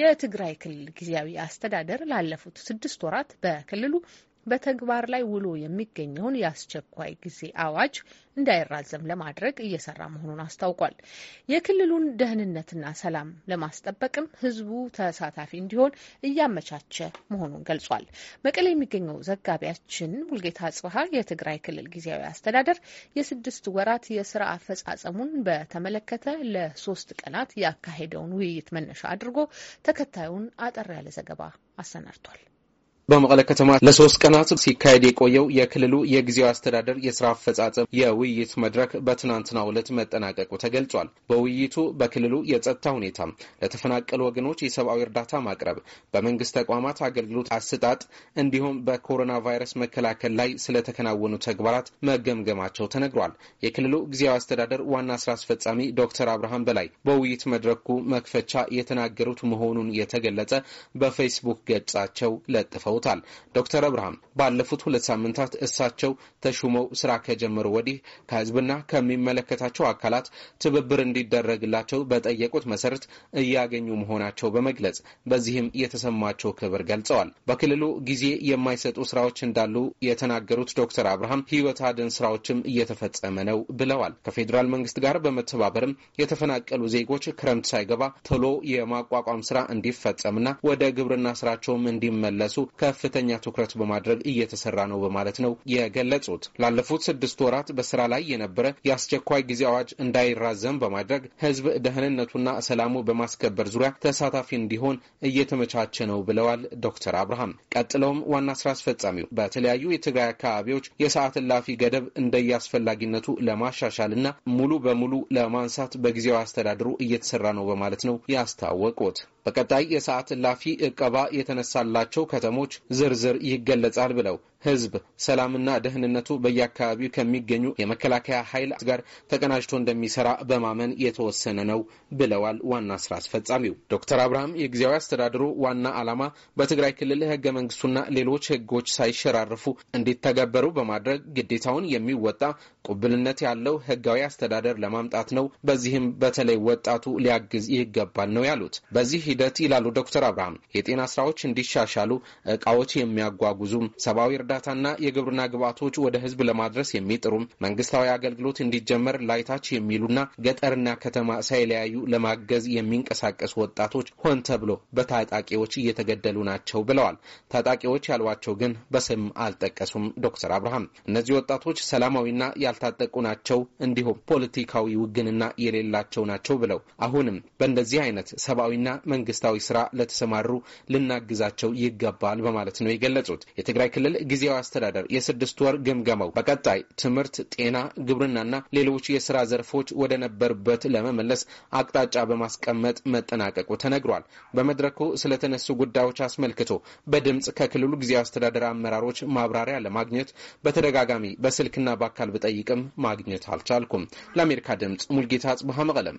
የትግራይ ክልል ጊዜያዊ አስተዳደር ላለፉት ስድስት ወራት በክልሉ በተግባር ላይ ውሎ የሚገኘውን የአስቸኳይ ጊዜ አዋጅ እንዳይራዘም ለማድረግ እየሰራ መሆኑን አስታውቋል። የክልሉን ደህንነትና ሰላም ለማስጠበቅም ህዝቡ ተሳታፊ እንዲሆን እያመቻቸ መሆኑን ገልጿል። መቀሌ የሚገኘው ዘጋቢያችን ሙልጌታ ጽሀ የትግራይ ክልል ጊዜያዊ አስተዳደር የስድስት ወራት የስራ አፈጻጸሙን በተመለከተ ለሶስት ቀናት ያካሄደውን ውይይት መነሻ አድርጎ ተከታዩን አጠር ያለ ዘገባ አሰናድቷል። በመቀለ ከተማ ለሶስት ቀናት ሲካሄድ የቆየው የክልሉ የጊዜያዊ አስተዳደር የስራ አፈጻጸም የውይይት መድረክ በትናንትናው ዕለት መጠናቀቁ ተገልጿል። በውይይቱ በክልሉ የጸጥታ ሁኔታ፣ ለተፈናቀሉ ወገኖች የሰብአዊ እርዳታ ማቅረብ፣ በመንግስት ተቋማት አገልግሎት አሰጣጥ እንዲሁም በኮሮና ቫይረስ መከላከል ላይ ስለተከናወኑ ተግባራት መገምገማቸው ተነግሯል። የክልሉ ጊዜያዊ አስተዳደር ዋና ስራ አስፈጻሚ ዶክተር አብርሃም በላይ በውይይት መድረኩ መክፈቻ የተናገሩት መሆኑን የተገለጸ በፌስቡክ ገጻቸው ለጥፈው ገልጸውታል። ዶክተር አብርሃም ባለፉት ሁለት ሳምንታት እሳቸው ተሹመው ስራ ከጀመሩ ወዲህ ከህዝብና ከሚመለከታቸው አካላት ትብብር እንዲደረግላቸው በጠየቁት መሰረት እያገኙ መሆናቸው በመግለጽ በዚህም የተሰማቸው ክብር ገልጸዋል። በክልሉ ጊዜ የማይሰጡ ስራዎች እንዳሉ የተናገሩት ዶክተር አብርሃም ህይወት አድን ስራዎችም እየተፈጸመ ነው ብለዋል። ከፌዴራል መንግስት ጋር በመተባበርም የተፈናቀሉ ዜጎች ክረምት ሳይገባ ቶሎ የማቋቋም ስራ እንዲፈጸምና ወደ ግብርና ስራቸውም እንዲመለሱ ከ ከፍተኛ ትኩረት በማድረግ እየተሰራ ነው በማለት ነው የገለጹት። ላለፉት ስድስት ወራት በስራ ላይ የነበረ የአስቸኳይ ጊዜ አዋጅ እንዳይራዘም በማድረግ ህዝብ ደህንነቱና ሰላሙ በማስከበር ዙሪያ ተሳታፊ እንዲሆን እየተመቻቸ ነው ብለዋል ዶክተር አብርሃም። ቀጥለውም ዋና ስራ አስፈጻሚው በተለያዩ የትግራይ አካባቢዎች የሰዓት እላፊ ገደብ እንደየአስፈላጊነቱ ለማሻሻልና ሙሉ በሙሉ ለማንሳት በጊዜያዊ አስተዳደሩ እየተሰራ ነው በማለት ነው ያስታወቁት። በቀጣይ የሰዓት እላፊ እቀባ የተነሳላቸው ከተሞች ዝርዝር ይገለጻል ብለው ህዝብ ሰላምና ደህንነቱ በየአካባቢው ከሚገኙ የመከላከያ ኃይል ጋር ተቀናጅቶ እንደሚሰራ በማመን የተወሰነ ነው ብለዋል ዋና ስራ አስፈጻሚው ዶክተር አብርሃም። የጊዜያዊ አስተዳደሩ ዋና ዓላማ በትግራይ ክልል ህገ መንግስቱና ሌሎች ህጎች ሳይሸራርፉ እንዲተገበሩ በማድረግ ግዴታውን የሚወጣ ቁብልነት ያለው ህጋዊ አስተዳደር ለማምጣት ነው። በዚህም በተለይ ወጣቱ ሊያግዝ ይገባል ነው ያሉት። በዚህ ሂደት ይላሉ ዶክተር አብርሃም የጤና ስራዎች እንዲሻሻሉ እቃዎች የሚያጓጉዙም ሰብአዊ እርዳታና የግብርና ግብዓቶች ወደ ህዝብ ለማድረስ የሚጥሩም መንግስታዊ አገልግሎት እንዲጀመር ላይታች የሚሉና ገጠርና ከተማ ሳይለያዩ ለማገዝ የሚንቀሳቀሱ ወጣቶች ሆን ተብሎ በታጣቂዎች እየተገደሉ ናቸው ብለዋል። ታጣቂዎች ያሏቸው ግን በስም አልጠቀሱም። ዶክተር አብርሃም እነዚህ ወጣቶች ሰላማዊና ያልታጠቁ ናቸው፣ እንዲሁም ፖለቲካዊ ውግንና የሌላቸው ናቸው ብለው አሁንም በእንደዚህ አይነት ሰብአዊና መንግስት መንግስታዊ ስራ ለተሰማሩ ልናግዛቸው ይገባል በማለት ነው የገለጹት። የትግራይ ክልል ጊዜያዊ አስተዳደር የስድስት ወር ግምገማው በቀጣይ ትምህርት፣ ጤና፣ ግብርናና ሌሎች የስራ ዘርፎች ወደ ነበሩበት ለመመለስ አቅጣጫ በማስቀመጥ መጠናቀቁ ተነግሯል። በመድረኩ ስለተነሱ ጉዳዮች አስመልክቶ በድምፅ ከክልሉ ጊዜያዊ አስተዳደር አመራሮች ማብራሪያ ለማግኘት በተደጋጋሚ በስልክና በአካል ብጠይቅም ማግኘት አልቻልኩም። ለአሜሪካ ድምፅ ሙልጌታ አጽብሃ መቀለም